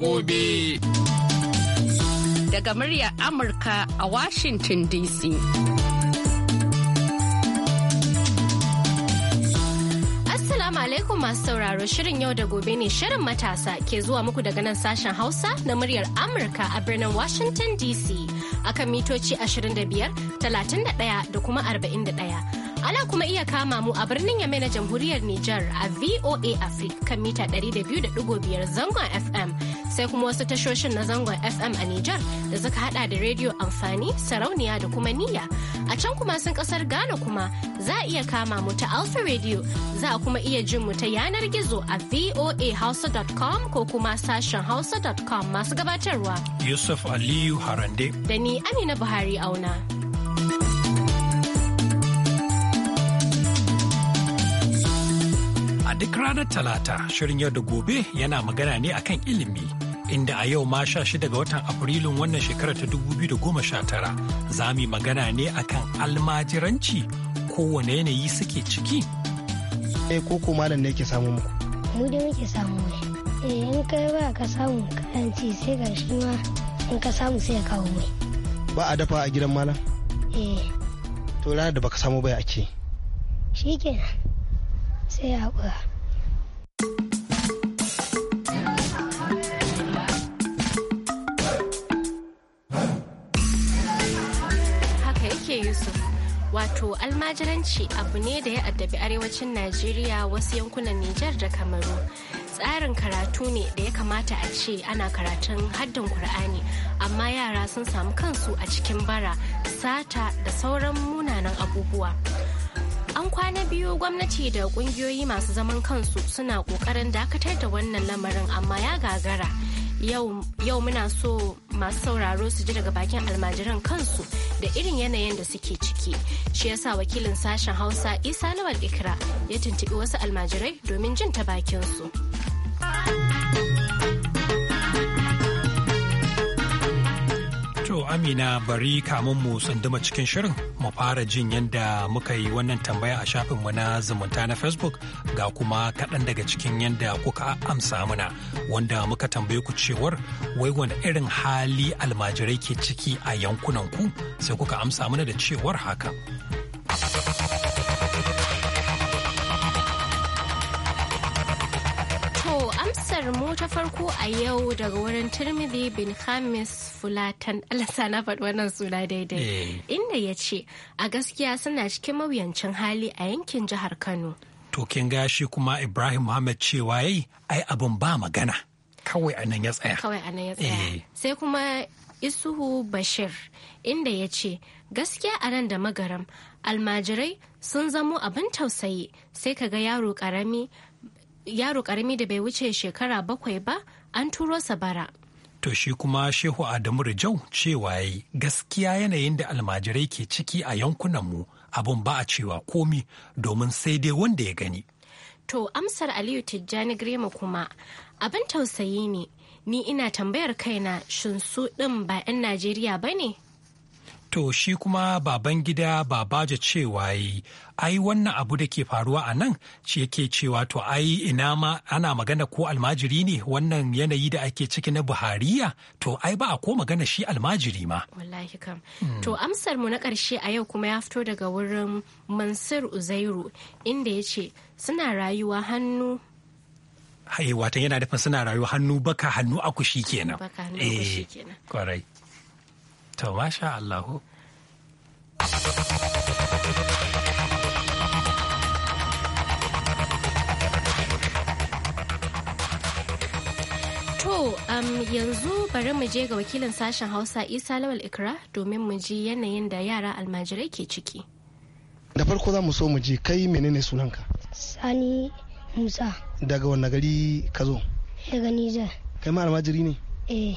gobe. Daga muryar Amurka a Washington DC. Assalamu alaikum masu sauraro shirin yau da gobe ne shirin matasa ke zuwa muku daga nan sashen Hausa na muryar Amurka a birnin Washington DC akan mitoci 25, 31 da kuma 41. Ana kuma iya kama mu a birnin Yame na jamhuriyar Nijar a VOA Africa kan mita 200.5 zangon FM sai kuma wasu tashoshin na zangon FM a Nijar da suka hada da rediyo amfani sarauniya da kuma niyya. A can kuma sun kasar Ghana kuma za a iya kama mu ta Alpha Radio za a kuma iya jin mu ta yanar gizo a voahausa.com ko kuma sashen hausa.com masu gabatarwa. Yusuf Aliyu Harande. Da ni Amina Buhari auna. a duk ranar talata shirin yau da gobe yana magana ne akan ilimi inda a yau ma sha shida ga watan Afrilun wannan shekarar ta 2019 za mu yi magana ne akan almajiranci kowane yanayi suke ciki. Eh ko ko malam ne ke samu muku? Mu da muke samu ne. Eh in kai ba ka samu karanci sai ga shi ma in ka samu sai ka kawo mai. Ba a dafa a gidan malam? Eh. To ranar da baka samu bai ake. Shikenan. Sai a haƙura. Yusuf. Wato almajiranci abu ne da ya addabi arewacin Najeriya wasu yankunan Nijar da Kamaru. Tsarin karatu ne da ya kamata a ce ana karatun haddin Kur'ani, amma yara sun samu kansu a cikin bara, sata da sauran munanan abubuwa. An kwana biyu gwamnati da kungiyoyi masu zaman kansu suna kokarin dakatar da wannan lamarin amma ya gagara. yau muna so masu sauraro su ji daga bakin almajiran kansu da irin yanayin da suke ciki shi yasa wakilin sashen hausa isa lawal ikra ya tuntubi wasu almajirai domin jin ta bakinsu. su To Amina bari kamun mu tsunduma cikin shirin mu fara jin yadda muka yi wannan tambaya a shafinmu na zumunta na Facebook ga kuma kaɗan daga cikin yadda kuka amsa muna wanda muka tambaye ku cewar wai wani irin hali almajirai ke ciki a yankunan ku sai kuka amsa muna da cewar haka. amsar mu ta farko a yau daga wurin turmidi bin hamis fulatan alasa na faɗi wannan suna daidai eh. inda ya ce a gaskiya suna cikin mawuyancin hali a yankin jihar kano to kin gashi kuma ibrahim muhammad cewa yayi ai abin ba magana kawai a ya tsaya kawai a ya tsaya eh. sai kuma isuhu bashir inda ya ce gaskiya a nan da magaram almajirai sun zamo abin tausayi sai ka ga yaro karami yaro karami da bai wuce shekara bakwai ba an turo sa bara to shi kuma shehu adamu rijau cewa yayi gaskiya yanayin da almajirai ke ciki a yankunanmu abun ba a cewa komi domin sai dai wanda ya gani to amsar aliyu tijjani grema kuma abin tausayi ne ni ina tambayar kaina shin su ɗin ba 'yan najeriya ba ne to shi kuma baban gida babaja cewa yi ai wannan abu da ke faruwa a nan shi yake cewa to ai ina ma ana magana ko almajiri ne wannan yanayi da ake ciki na buhariya to ai ba a ko magana shi almajiri ma wallahi kam hmm. to amsar mu na karshe a yau kuma ya fito daga wurin mansur uzairu inda ya ce suna rayuwa hannu watan yana nufin suna rayuwa hannu baka hannu akushi kenan. Baka hannu akushi eh, kenan. Kwarai. To masha Allahu. To um, yanzu bari mu je ga wakilin sashen Hausa Isa Lawal Ikra domin mu ji yanayin da yara almajirai ke ciki. Da farko za mu so mu ji kai menene sunanka? Sani Musa. Daga wani gari ka zo? Daga Nijar. Kai ma almajiri ne? Eh.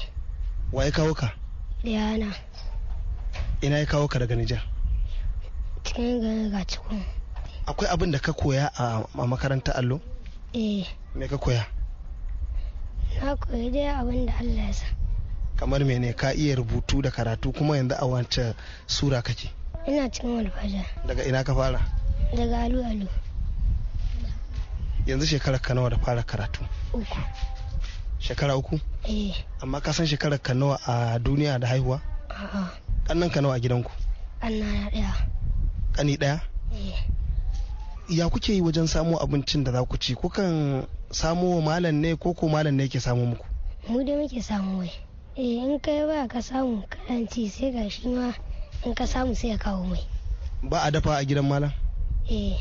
Waye kawo ka? Liana. Ina ya kawo ka daga Nijar? Cikin gani ga cikin. Akwai abin da ka koya a makaranta allo? Eh. Me ka koya? Na koyi dai abin da Allah ya sa. Kamar ne ka iya rubutu da karatu kuma yanzu a wancan sura kake? Ina cikin walfaja. Daga ina ka fara? Daga alu alu. Yanzu shekarar ka nawa da fara karatu? Uku. shekara uku eh amma ka san shekarar ka nawa a duniya da haihuwa a'a kannan ka nawa a gidanku kanna daya kani daya eh ya kuke yi wajen samo abincin da za ku ci ko kan samo wa malam ne ko ko malam ne ke samo muku mu da muke samu wai eh in kai ba ka samu karanci sai ga shi ma in ka samu sai ka kawo mai ba a dafa a gidan malam eh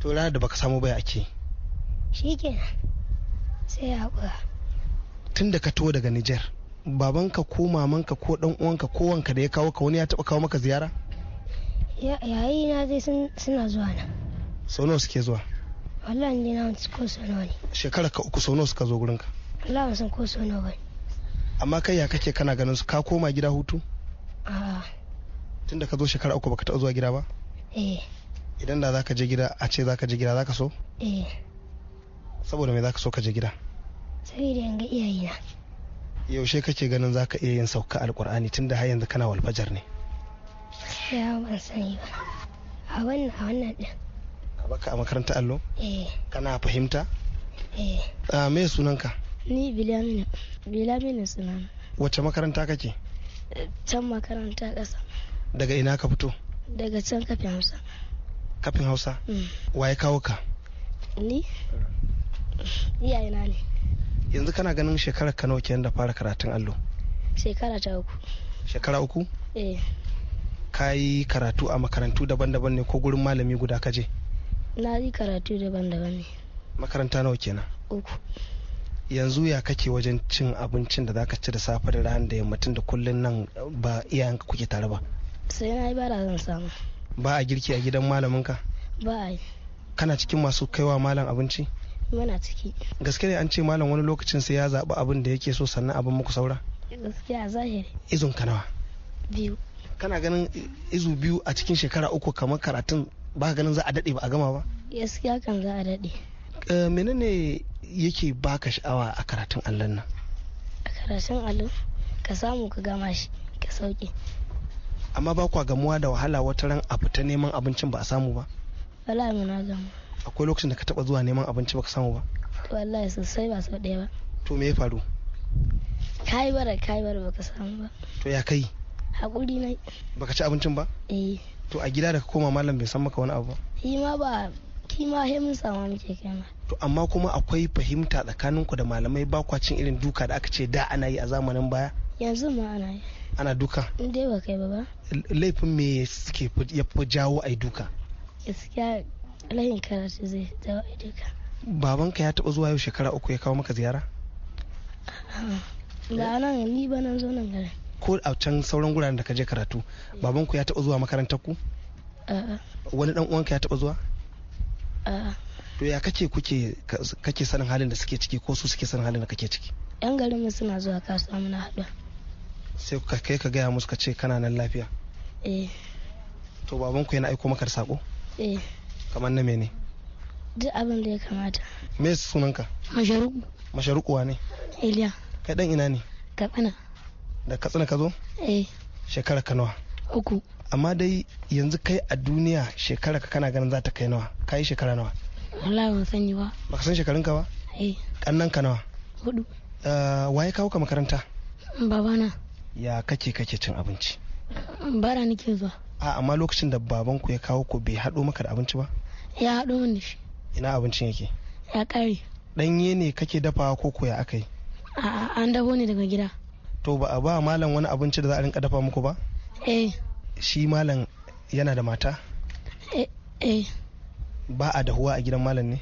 to ranar da baka samu bai ake kenan sai ya hakura tun da ka to daga Nijar babanka ko mamanka ko dan uwanka ko wanka da ya kawo ka wani ya taba kawo maka ziyara yayi na zai suna zuwa na sau nawa suke zuwa wallahi ni na wanci ko sau nawa ne shekara ka uku sau nawa suka zo gurin ka wallahi ban san ko sau nawa ba amma kai ya kake kana ganin su ka koma gida hutu a'a da ka zo shekara uku baka taɓa zuwa gida ba eh idan da zaka je gida a ce zaka je gida zaka so eh saboda me zaka so ka je gida saboda yanga iyayena yaushe kake ganin zaka iya yin sauka alkur'ani tunda har yanzu kana walfajar ne ya ban sani ba a wannan a wannan din a baka a makarantar allo eh kana fahimta eh a ah, me sunanka ni bilamina bilamina sunan wace makaranta kake eh, can makaranta kasa daga ina ka fito daga can kafin hausa kafin hausa mm. waye kawo ka ni iyayena ne yanzu kana ganin shekarar ka nawa kenan da fara karatun allo shekara ta uku shekara uku eh ka yi karatu a makarantu daban-daban ne ko gurin malami guda ka je na yi karatu daban-daban ne makaranta nawa kenan uku yanzu ya kake wajen cin abincin da zaka ci da safe da ranar da yammacin da kullun nan ba iyayenka kuke tare ba sai na yi ba da zan samu ba a girki a gidan malamin ka ba a yi kana cikin masu kaiwa malam abinci muna ciki gaske ne an ce malam wani lokacin sai ya zaɓi abin da yake so sannan abin muku saura gaskiya zahiri izun ka nawa biyu kana ganin izu biyu a cikin shekara uku kamar karatun ba ganin za a daɗe ba a gama ba gaskiya kan za a daɗe menene yake baka sha'awa a karatun allon nan a karatun allon ka samu ka gama shi ka sauke amma ba kwa gamuwa da wahala wata ran a fita neman abincin ba a samu ba wala na gama akwai lokacin da ka taba zuwa neman abinci baka samu ba wallahi sosai ba sau ɗaya ba to me ya faru kai bara kai bara baka samu ba to ya kai hakuri nai baka ci abincin ba eh to a gida da ka koma mallam bai san maka wani abu ba shi ma ba kima ma he mun samu muke kai to amma kuma akwai fahimta tsakanin ku da malamai ba kwa cin irin duka da aka ce da ana yi a zamanin baya yanzu ma ana yi ana duka in dai ba kai ba ba laifin me suke ya fi jawo ai duka gaskiya layin ce zai zawa duka babanka ya taɓa zuwa yau shekara uku ya kawo maka ziyara ba nan ni ba nan zo nan gare ko a can sauran guraren da ka je karatu babanku ya taɓa zuwa makarantar ku wani dan uwanka ya taɓa zuwa to ya kake kuke kake sanin halin da suke ciki ko su suke sanin halin da kake ciki yan garin mu suna zuwa kasuwa muna haɗuwa sai ka kai ka gaya musu ka ce kana nan lafiya eh to babanku yana aiko maka da sako eh kamar na mene duk abin da ya kamata me sunanka masharuku masharuku wa ne iliya kai dan ina ne katsina da katsina ka zo eh shekara ka nawa uku amma dai yanzu kai a duniya shekara ka kana ganin za ta kai nawa ka yi shekara nawa wallahi ban sani ba baka san shekarun ka ba eh kannan ka nawa hudu uh, eh, waye kawo ka makaranta babana ya kake kake cin abinci bara nake zuwa a amma lokacin da babanku ya kawo ku bai haɗo maka da abinci ba ya haɗo ni ina abincin yake ya kare ɗanye ne kake dafawa ko koya aka yi a'a an dabo ne daga gida to ba a ba malam wani abinci da za a rinka dafa muku ba eh shi malam yana da mata eh, eh ba a dahuwa a gidan malam ne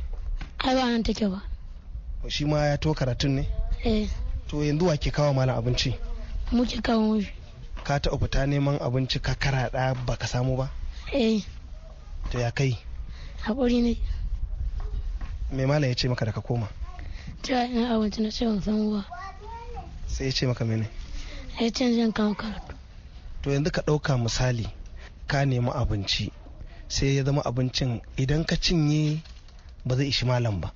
ai ba nan take ba shi ma ya to karatun ne eh to yanzu wa ke kawo malam abinci muke kawo ka taɓa fita neman abinci ka karaɗa ba ka samu ba eh to ya kai haƙuri ne me malam ya ce maka da ka koma Ta ina abinci na ce samu ba sai ya ce maka mene ya ce zan kama karatu to yanzu ka ɗauka misali ka nemi abinci sai ya zama abincin idan ka cinye ba zai ishi malam ba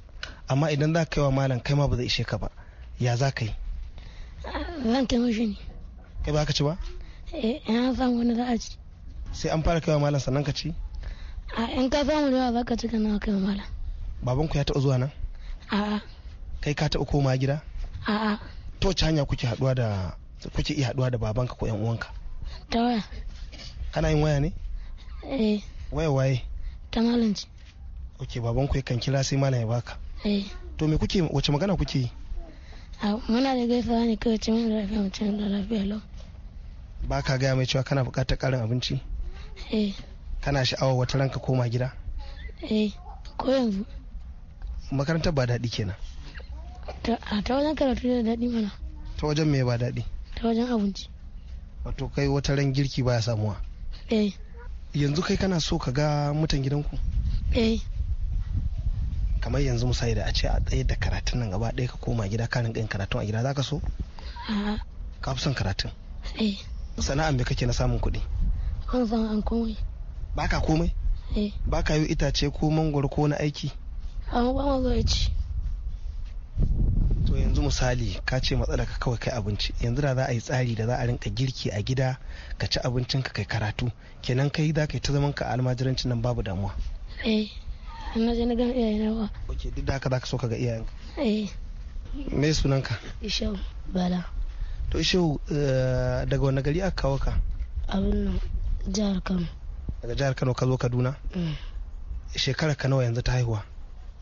amma idan za ka yi wa malam kai ma ba zai ishe ka ba ya za ka yi zan kai mashi ne kai ba ka ci ba eh an san wani za a ci sai an fara kaiwa malam sannan ka ci a in ka samu da yawa za ka ci kana kai malam baban ku ya taɓa zuwa nan a'a kai ka taɓa koma gida a'a to wace kuke haɗuwa da kuke iya haɗuwa da babanka ko yan uwanka ta waya kana yin waya ne eh waya waye ta malam ce ok baban ku yakan kira sai malam ya baka eh to me kuke wace magana kuke yi muna da gaisawa ne kawai ce mun da lafiya mutum da lafiya lau ba ka gaya mai cewa kana buƙatar ƙarin abinci eh kana sha'awar wata ranka koma gida eh ko yanzu makarantar ba daɗi kenan a ta wajen karatu da daɗi mana ta wajen me ba daɗi ta wajen abinci wato kai wata ran girki baya samuwa eh yanzu kai kana so ka ga mutan gidanku eh kamar yanzu misali da a ce a tsaye da karatun nan gaba ɗaya ka koma gida ka rinka yin karatun a gida za ka so ka fi son karatun eh sana'an me kake na samun kuɗi Kan zan an komai baka komai eh baka yi itace ko mangwaro ko na aiki An ba ma zo ci to yanzu misali ka ce matsala ka kawai kai abinci yanzu da za a yi tsari da za a rinka girki a gida ka ci abincin ka kai karatu kenan kai za ka yi ta zaman ka almajirancin nan babu damuwa eh na je na gan na ba ok duk da haka za ka so ka ga iyayenka eh me sunan ka ishau bala to shehu eh, daga wani gari aka kawo ka abin nan jihar kano daga jihar kano ka zo kaduna mm. shekarar ka nawa yanzu ta haihuwa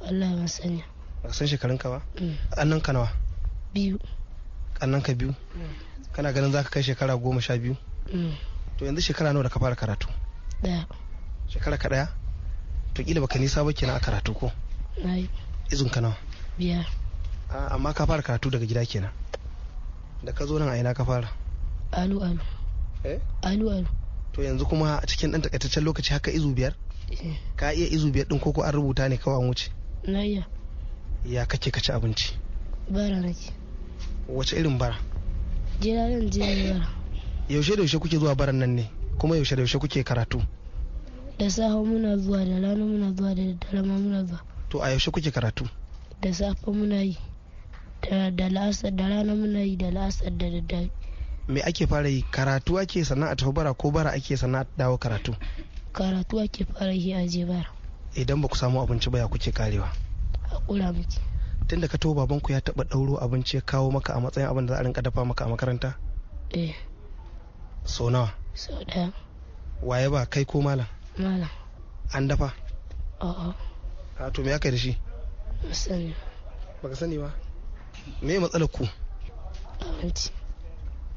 wallahi ban sani ba san shekarun ka ba mm. annan ka nawa biyu annan ka biyu mm. kana ganin zaka kai shekara goma sha biyu to yanzu shekara nawa da ka fara karatu daya shekara ka daya to kila baka nisa ba kenan a karatu ko nayi izun ka nawa biyar ah, amma ka fara karatu daga gida kenan da ka zo nan a ina ka fara alu alu eh alu alu to yanzu kuma a cikin dan takaitaccen lokaci haka izu biyar eh. ka iya izu biyar din koko an rubuta ne kawai an wuce na iya ya kake ka ci abinci bara nake wace irin bara jira nan jira bara yaushe da yaushe kuke zuwa baran nan ne kuma yaushe da yaushe kuke karatu da safe muna zuwa da rana muna zuwa da dare muna zuwa to a yaushe kuke karatu da safe muna yi da la'asar da rana muna yi da lasar da daddare me ake fara yi karatu ake sana'a ta bara ko bara ake sana'a dawo karatu karatu ake fara yi a je bara idan ba ku samu abinci ba ya kuke karewa hakura miki tun da ka taho baban ku ya taba ɗauro abinci ya kawo maka a matsayin abin da za a rinka dafa maka a makaranta eh so nawa so ɗaya. waye ba kai ko malam malam an dafa a'a Ha to me aka yi da shi sani baka sani ba me matsalar ku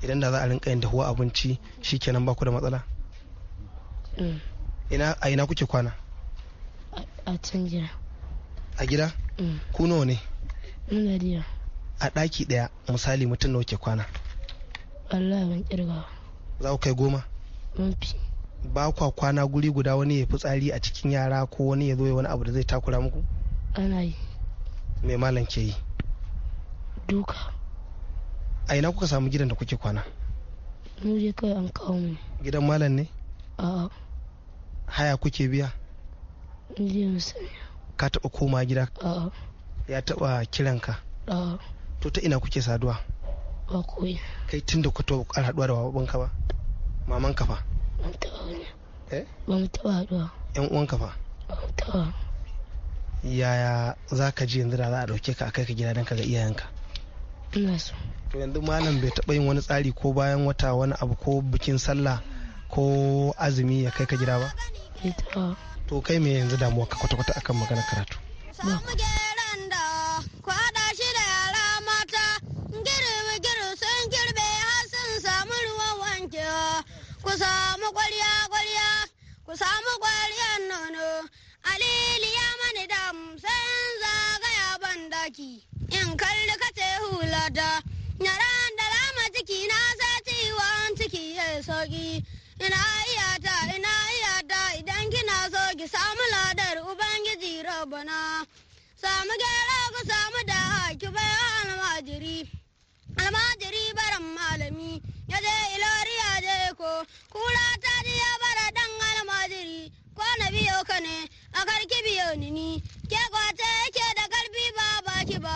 idan da za a rinka yin dahuwa abinci shikenan ba ku da matsala mm. a ina kuke kwana a can gida a gida mm. ku nawa ne muna gida a ɗaki ɗaya misali mutum nawa ke kwana wallahi ban kirga za ku kai goma mafi ba kwa kwana guri guda wani ya fitsari a cikin yara ko wani ya zo wani abu da zai takura muku ana yi me malam ke yi duka a ina kuka samu gidan da kuke kwana mu je kai an kawo mu gidan malam ne a haya kuke biya ka taɓa koma gida ya taɓa kiranka to ta ina kuke saduwa ba koyi kai tun da ku to ƙar haɗuwa da ka ba maman ka eh? fa ba mu taɓa haduwa. yan uwan ka fa yaya za ka ji yanzu da za a dauke ka a kai ka gida don ka ga iyayenka to yanzu malam bai taɓa yin wani tsari ko bayan wata wani abu ko bikin sallah ko azumi ya kai ka gida ba to kai me yanzu damuwa ka kwata-kwata akan magana karatu ku samu ku samu nono zagaya ban in kalli ka ce hulata yaran da lama ciki na sai ciwon ciki ya sauki ina iyata ina iyata idan kina so ki samu ladar ubangiji rabana samu gyara ku samu da haki bai almajiri almajiri baran malami ya je ilori ya je ko kura ta ji ya bara dan almajiri ko na biyo ka ne a karki biyo ni ke kwace ke da karfi ba baki ba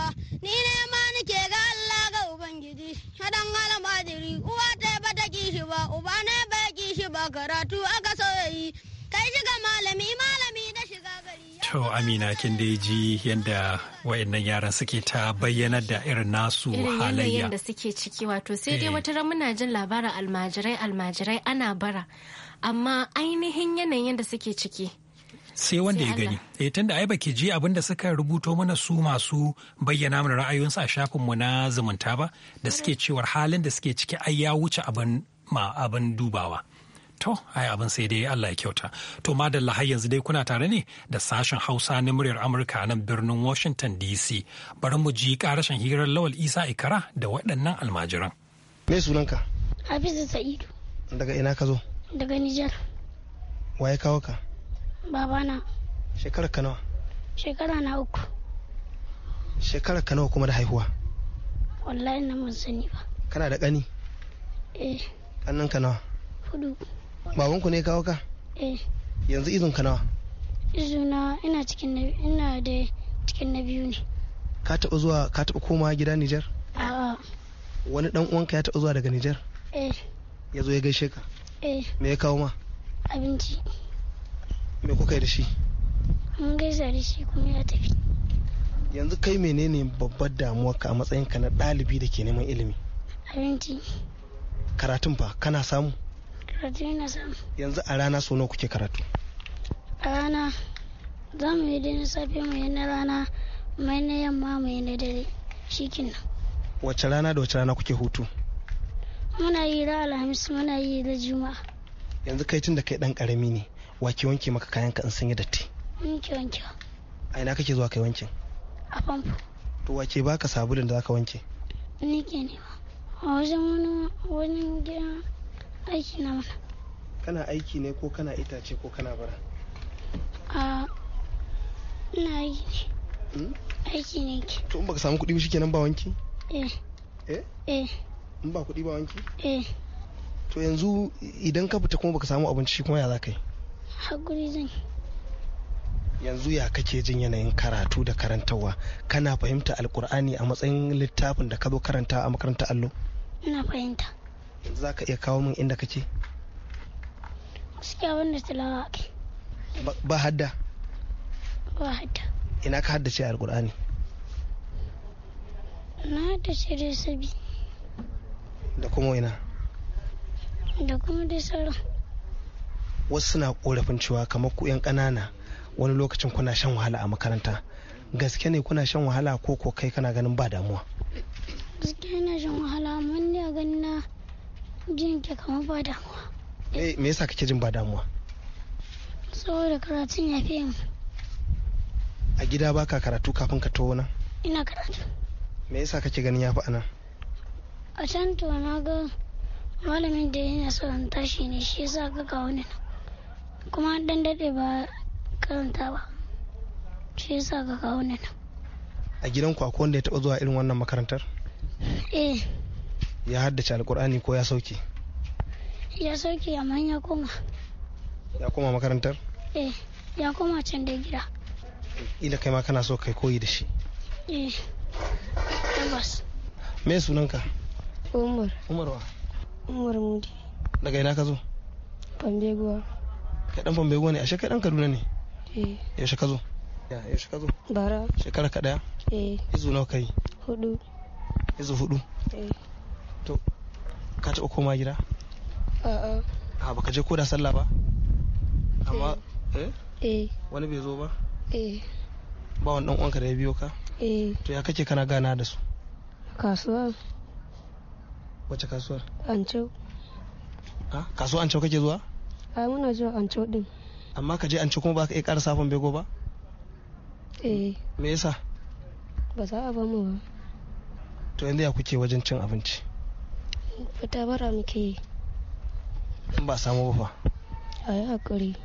karatu aka soyayi kai shiga malami malami na shiga gari to amina kin dai ji yadda wayannan yaran suke ta bayyana da irin nasu halayya da suke ciki wato sai dai eh. wata ran muna jin labarin almajirai almajirai ana bara amma ainihin yanayin da suke ciki sai wanda ya gani eh tunda ai baki ji abin da suka rubuto mana su masu bayyana mana ra'ayoyinsu a shafinmu na zumunta ba da suke cewar halin da suke ciki ai ya wuce abin ma abin dubawa To, ai abin sai dai Allah ya kyauta. To, madalla har yanzu dai kuna tare ne da sashen Hausa na muryar Amurka nan birnin Washington DC. Bari mu ji karashin hirar Lawal Isa Ikara da waɗannan almajiran. Me sunanka? Hafizu Sa'idu. Daga ina ka zo? Daga Nijar. Wa ya kawo ka? Babana. Shekarar ka nawa? Shekara na uku. Shekarar ka nawa kuma da haihuwa? Wallahi na mun sani ba. Kana da ƙani? Eh. Ƙannan ka nawa? Hudu. babanku ne kawo ka eh yanzu izin ka nawa izuna ina cikin ina da cikin na biyu ne ka taɓa zuwa ka taɓa koma gida Nijar a'a wani dan uwanka ya taɓa zuwa daga Nijar eh ya zo ya gaishe ka eh me ya kawo ma abinci me kuka yi da shi mun gaisa da shi kuma ya tafi yanzu kai menene babbar ka a matsayinka na ɗalibi da ke neman ilimi abinci karatun fa kana samu na sam. Yanzu a rana so nawa kuke karatu? A rana za mu yi na safe mu yi na rana mai na yamma mu yi na dare shikin nan. Wace rana da wace rana kuke hutu? Muna yi da Alhamis muna yi da Juma'a. Yanzu kai tun da kai dan karami ne wake wanke maka kayan ka in sun yi datti. Wanke wanke. A ina kake zuwa kai wankin? A famfo. To wake baka sabulun da za ka wanke? Ni ke ne ba. A wajen wani wani gidan aiki na mana kana aiki ne ko kana itace ko kana bara a ina aiki ne hmm? aiki ne ke to in baka samu kuɗi ba kenan ba wanki eh eh eh in ba kuɗi ba wanki eh to yanzu idan ka fita kuma baka samu abinci kuma ya za ka yi hakuri zan yanzu ya kake jin yanayin karatu da karantarwa kana fahimta alkur'ani a matsayin littafin da ka zo karanta a makarantar allo ina fahimta za ka iya kawo min inda kake gaskiya wanda tilawa ake ba hadda ba hadda ina ka haddace alkur'ani na haddace da sabi da kuma ina da kuma da sauran wasu suna korafin cewa kamar ku 'yan ƙanana wani lokacin kuna shan wahala a makaranta gaske ne kuna shan wahala ko ko kai kana ganin ba damuwa gaske ne shan wahala mu jin ke kamar ba damuwa eh, me yasa kake jin ba damuwa saboda karatun ya fi a gida ba ka karatu kafin ka taho nan ina karatu me yasa kake ganin ya fi nan. a can to na ga malamin da yana son tashi ne shi yasa ka kawo wani nan kuma dan dade ba karanta ba shi yasa ka kawo wani nan a gidan ku akwai wanda ya taba zuwa irin wannan makarantar eh ya haddace alkur'ani ko ya sauke ya sauke amma ya koma ya koma makarantar eh ya koma can da gida ila kai ma kana so kai koyi da shi eh tabbas me sunanka umar umar wa umar mudi daga ina ka zo fambeguwa kai dan fambeguwa ne ashe kai dan kaduna ne eh yaushe ka zo yaushe ka zo bara shekara ka daya eh izu nawa kai hudu izu hudu eh to ka taɓa koma gida a'a a baka je ko da sallah ba eh. amma eh eh wani bai zo ba eh ba wani dan uwanka da ya biyo ka eh to ya kake kana gana da su kasuwa wace kasuwar anco ha kasuwa anco kake zuwa a muna zuwa anco din amma ka je anco kuma ba ka iya ƙara safin bego ba eh me yasa ba za a ba mu ba to yanzu ya kuke wajen cin abinci wata bara muke yi in ba samu ba fa a yi hakuri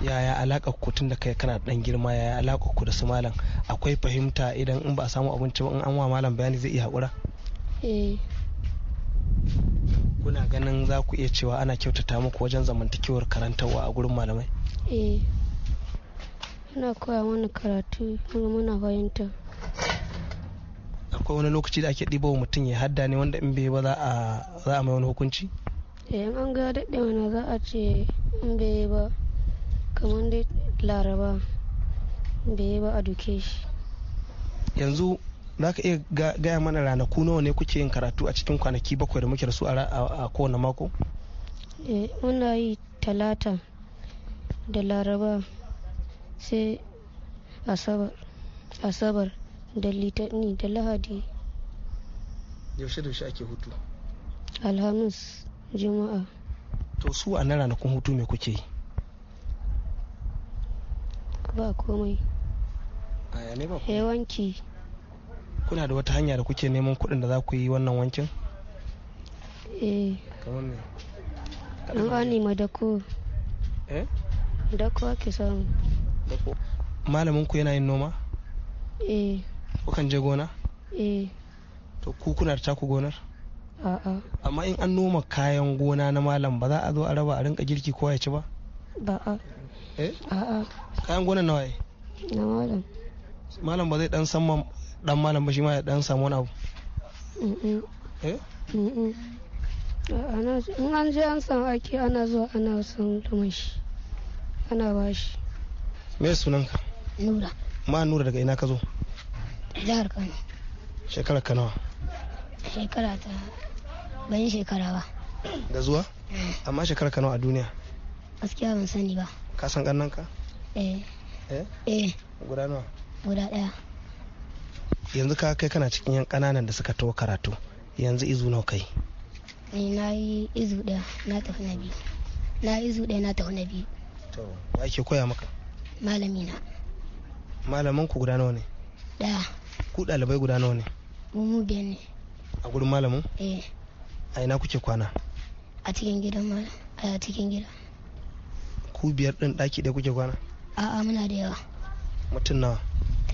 yaya alakar ku tun da kai kana dan girma yaya alakar ku da su malam akwai fahimta idan in ba samu abinci ba in an wa malam bayani zai iya hakura eh kuna ganin za ku iya cewa ana kyautata muku wajen zamantakewar karantarwa a gurin malamai eh ina koya mana karatu muna fahimta akwai wani lokaci da ake ɗibo mutum ya hadda ne wanda in bai ba za a mai wani hukunci eh an ga daɗewa wani za a ce in bai ba kamar dai laraba bai ba a duke shi yanzu za ka iya gaya mana ranaku nawa ne kuke yin karatu a cikin kwanaki bakwai da muke da su a kowane mako eh muna yi talata da laraba sai asabar da litani da lahadi yaushe yaushe ake hutu alhamis juma'a to su a nan ranakun hutu me kuke yi ba komai ya wanki kuna da wata hanya da kuke neman kuɗin da za ku yi wannan wankin eh kamar me an ani dako eh dako ake samu dako malamin ku yana yin noma eh kukan je gona eh to ku kuna ta taku gonar a'a amma in an noma kayan gona na malam ba za a zo a raba a rinka girki ko ya ci ba Ba'a. eh a'a kayan gonan nawa ne na malam malam ba zai dan san dan malam ba shi ma ya dan samu wani abu eh in an je an san ake ana zo ana son tumashi ana bashi me sunanka nura ma nura daga ina ka zo jihar kano shekara kanawa shekara ta ban yi shekara ba da zuwa eh. amma shekara kano a duniya gaskiya ban sani ba ka san ƙannan ka eh. eh eh guda nawa guda ɗaya yanzu ka kai kana cikin yan ƙananan da suka tawo karatu yanzu izu nawa kai eh, na yi izu ɗaya na tafi na biyu na yi izu ɗaya na tafi na biyu to wa ke koya maka malami na malaman ku guda nawa ne ɗaya ku ɗalibai guda nawa ne mu biyar ne a gurin malamin eh a ina kuke kwana a cikin gidan malam a cikin gida ku biyar ɗin ɗaki ɗaya kuke kwana a'a muna da yawa mutum nawa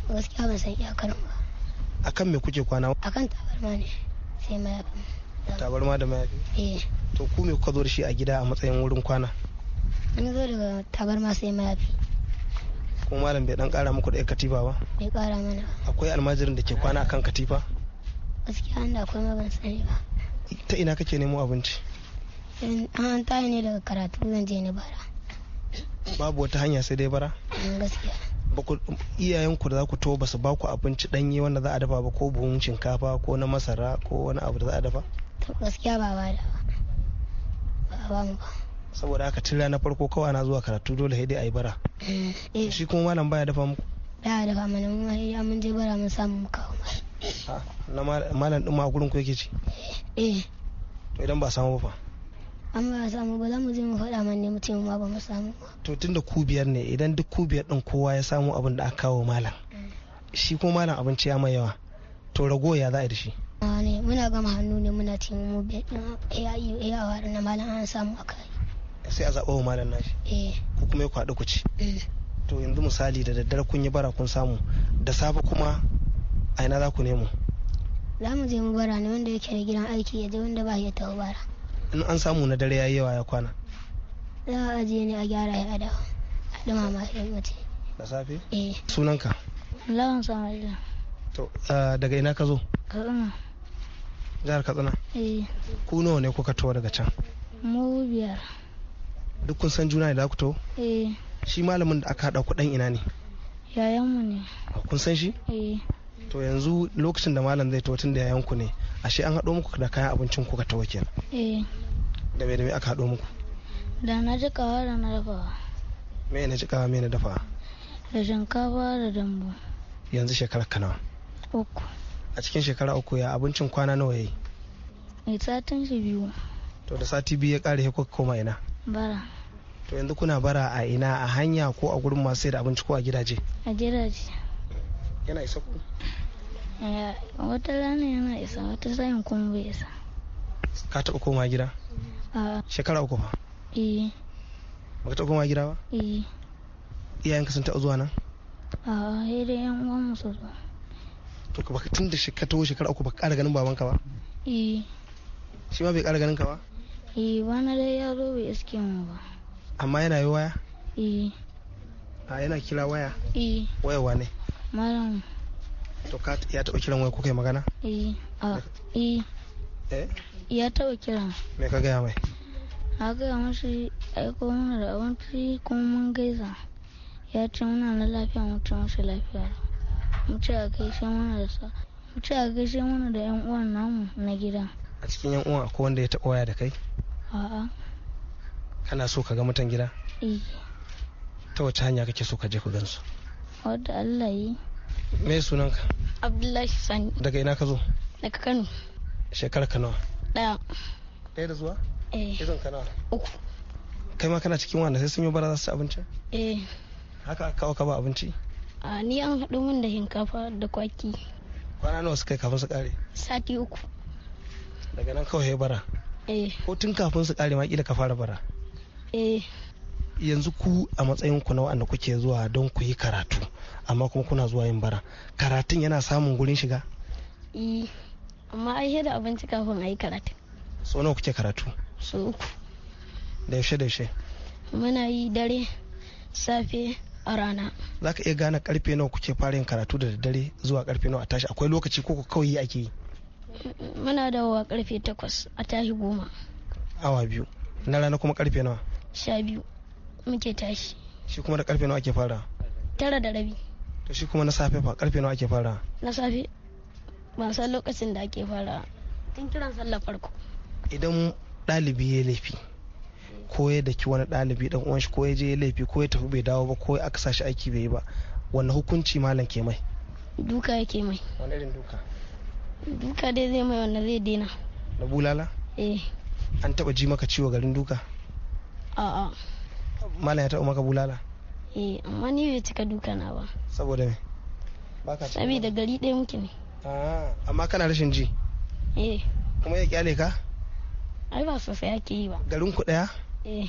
gaskiya ba san iyakar ba akan me kuke kwana akan tabarma ne sai mayafi tabarma da mayafi eh to ku me kuka zo da shi a gida a matsayin wurin kwana an zo daga tabarma sai mayafi ko malam bai dan kara muku da katifa ba bai kara mana akwai almajirin da ke kwana akan katifa gaskiya an da akwai ma ban sani ba ta ina kake nemo abinci an tayi ne daga karatu zan je ni bara babu wata hanya sai dai bara mm, gaskiya iyayenku da za ku to ba su ba ku abinci danye wanda za a dafa ba ko buhun shinkafa ko na masara ko wani abu da za a dafa gaskiya ba ba da ba ba ba saboda haka tun ranar farko kawai na zuwa karatu dole sai dai ayi bara eh, eh. shi kuma malam baya dafa muku baya dafa mana mu ya mun je bara mun samu kawo na malam din ma a gurin ku yake ci eh. to idan ba samu ba fa an ba samu ba za mu je mu faɗa man ne mutum ma ba mu samu to da ku biyar ne idan duk ku biyar din kowa ya samu abin da aka kawo malam mm. shi kuma malam abinci ya mai yawa to rago ya za a yi da shi muna gama hannu ne muna taimako mu biyar ɗin ya yi yawa na malam an samu a kai sai a zaɓa wa malam nashi eh. ku kuma ya kwaɗi ku ci eh. to yanzu misali da daddare kun yi bara kun samu da safe kuma a ina za ku nemo za mu je mu bara ne wanda yake da gidan aiki ya je wanda ba ya tawo bara in an samu na dare yayi yawa ya kwana za a je ne a gyara ya dawo a dama ma sai mace da safe eh sunanka lawan samarila to ah, daga ina ka zo katsina jihar katsina eh ku nawa ne kuka tawo daga can mu biyar duk kun san juna ne da ku to eh shi malamin da aka haɗa ku ina ne yayanmu ne oh, kun san shi eh to yanzu lokacin da malam zai tun da yayanku ne ashe an haɗo muku da kayan abincin ku ka tawo kenan eh da me da me aka haɗo muku da na jikawa da na dafawa me na jikawa me na dafawa da shinkafa da dambu yanzu shekarar ka nawa uku a cikin shekara uku ya abincin kwana nawa yayi mai satin shi biyu to da sati biyu ya kare ya koma ina bara to yanzu kuna bara a ina a hanya ko a gurin masu sai da abinci ko a gidaje a gidaje yana isa ku eh, wata rana yana isa wata sayin kuma bai isa ka taɓa koma gida shekara uku fa eh baka taɓa koma gida ba eh iyayenka sun taɓa zuwa nan a dai yan uwan musu zuwa to ka baka tun da shekara uku baka ƙara ganin babanka ba eh shi ma bai ƙara ganin ka ba eh bana dai yaro bai iske mu ba amma yana yi waya eh a yana kira waya eh waya wane malam to ka ya taɓa kiran waya kuka yi magana eh a eh. eh ya taɓa kiran me ka gaya mai na gaya mashi aiko mana da abinci kuma mun gaisa ya ce muna na lafiya mutu mashi lafiya mu ce a gaishe mana da sa mu ce a gaishe mana da yan uwan namu na gida a cikin yan uwan akwai wanda ya taɓa waya da kai A'a. Kana so ka ga mutan gida? Eh. Ta wace hanya kake so ka je ku gansu? Wadda Allah yi. Me sunanka? Abdullahi Sani. Daga ina ka zo? Daga Kano. Shekarar ka nawa? Ɗaya. Ɗaya da zuwa? Eh. Izon ka nawa? Uku. Kai ma kana cikin wanda sai sun yi bara za su abinci? Eh. Haka kawo ka ba abinci? A ni an haɗu min da shinkafa da kwaki. Kwana nawa suka yi kafin su ƙare? Sati uku. Daga nan kawai bara? Eh. ko tun kafin su kare makila ka fara bara eh. yanzu ku a matsayin ku na wanda kuke zuwa don ku yi karatu amma kuma kuna zuwa yin bara karatun yana samun gurin shiga eh, amma ai da abinci kafin a yi karatu so nawa kuke karatu so uku da yaushe da yaushe muna yi dare safe a rana za ka iya gane karfe nawa kuke fara yin karatu da daddare zuwa karfe nawa a tashi akwai lokaci ko kawai ake yi muna dawowa karfe takwas a tashi goma awa biyu na rana kuma karfe nawa sha biyu muke tashi shi kuma da karfe nawa ake fara tara da rabi to shi kuma na safe fa karfe nawa ake fara na safe ban san lokacin da ake fara tun kiran sallar farko idan ɗalibi ya laifi ko ya daki wani ɗalibi dan uwan shi ko ya je ya laifi ko ya tafi bai dawo ba ko aka sa shi aiki bai yi ba wanne hukunci malam ke mai duka yake mai wani irin duka duka dai zai mai wanda zai daina na bulala eh an taba ji maka ciwo garin duka a malam ya taba maka bulala eh amma ni bai cika duka na ba saboda me baka ci saboda gari ɗaya muke ne a ah, amma kana rashin ji eh kuma ya kyale ka ai ba sosai yake yi ba garin ku ɗaya eh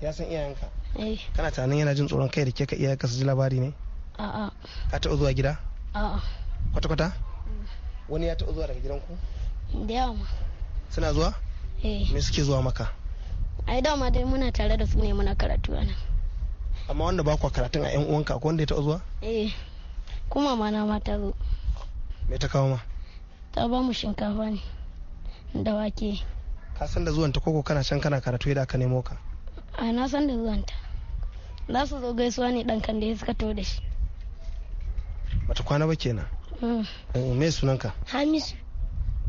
ya san iyayenka eh kana tunanin yana jin tsoron kai da ke ka iyayenka su ji labari ne a ka taɓa zuwa gida a kwata-kwata mm. wani ya taɓa zuwa daga gidanku da yawa ma suna zuwa eh me suke zuwa maka ai dama dai muna tare da su ne muna karatu nan amma wanda ba kwa karatun a yan uwanka ko wanda ya taɓa zuwa eh kuma ma na mata zo me ta kawo ma ta ba mu shinkafa ne da wake ka san da zuwanta koko kana can kana karatu da aka nemo ka a na san da zuwanta za su zo gaisuwa ne dan kan da ya suka to da shi mata kwana ba kenan Eh, me sunanka hamisu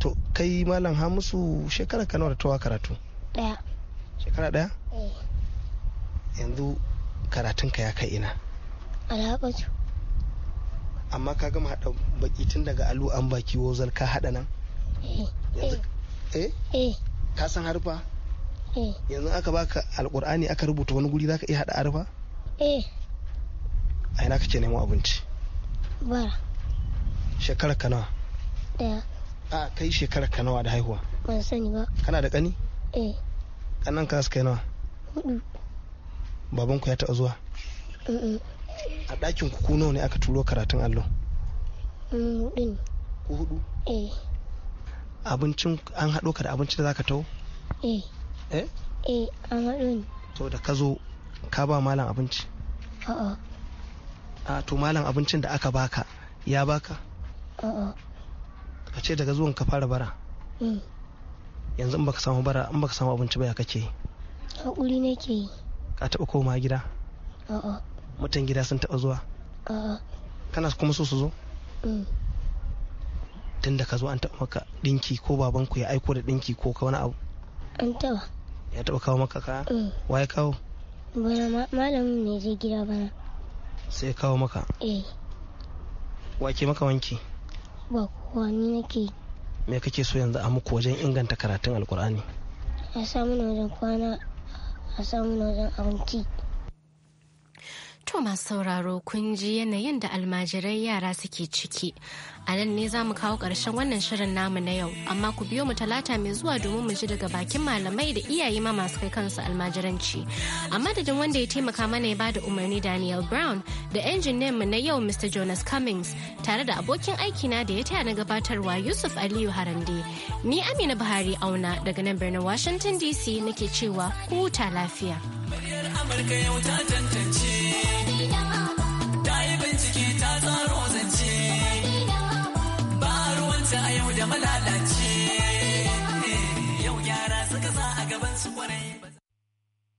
to kai malam hamisu shekara ka nawa da tawa karatu daya shekara daya eh. yanzu karatunka ya kai ina alaƙatu amma ka gama haɗa baki tun daga alu an baki wozal ka haɗa nan eh, eh. ka san harfa yanzu aka baka alƙur'ani aka rubuta wani guri zaka iya haɗa harfa eh a ina kake neman abinci bara shekarar ka nawa Ɗaya. a kai shekarar ka nawa da haihuwa ban sani ba kana da ƙani? eh Ƙannan ka suka nawa hudu baban ku ya taɓa zuwa a ɗakin ku ku nawa ne aka turo karatun allo mm, hudu ne ku hudu eh abincin an haɗo ka da abincin da zaka taho eh eh eh an haɗo ni to da ka zo ka ba malam abinci a'a a to malam abincin da aka baka ya baka ka ce daga zuwan ka fara bara mm. yanzu in baka samu bara in baka samu abinci ba ya kake haƙuri nake yi ka taɓa koma gida mutan gida sun taɓa zuwa kana kuma so su zo mm. tun da ka zo an taɓa maka ɗinki ko babanku ya aiko da ɗinki ko wani abu an taɓa ya taɓa kawo maka ka? Mm. wa ya kawo bana malamin ne je gida bana sai kawo maka eh wake maka wanki ba kowa ne nake me kake so yanzu a muku wajen inganta karatun alkur'ani a samu na wajen kwana a samu na wajen abinci to masu sauraro kun ji yanayin da almajirai yara suke ciki a nan ne za mu kawo ƙarshen wannan shirin namu na yau amma ku biyo mu talata mai zuwa domin mu ji daga bakin malamai da iyaye ma masu kai kansu almajiranci a madadin wanda ya taimaka mana ya bada umarni daniel brown da injiniyan mu na yau mr jonas cummings tare da abokin aikina da ya taya na gabatarwa yusuf aliyu harande ni amina buhari auna daga nan birnin washington dc nake cewa ku huta lafiya Amurka yau tantance, ta yi bincike ta tsaro masu a yau da malalaci eh, yau gyara suka sa a gaban su kwarai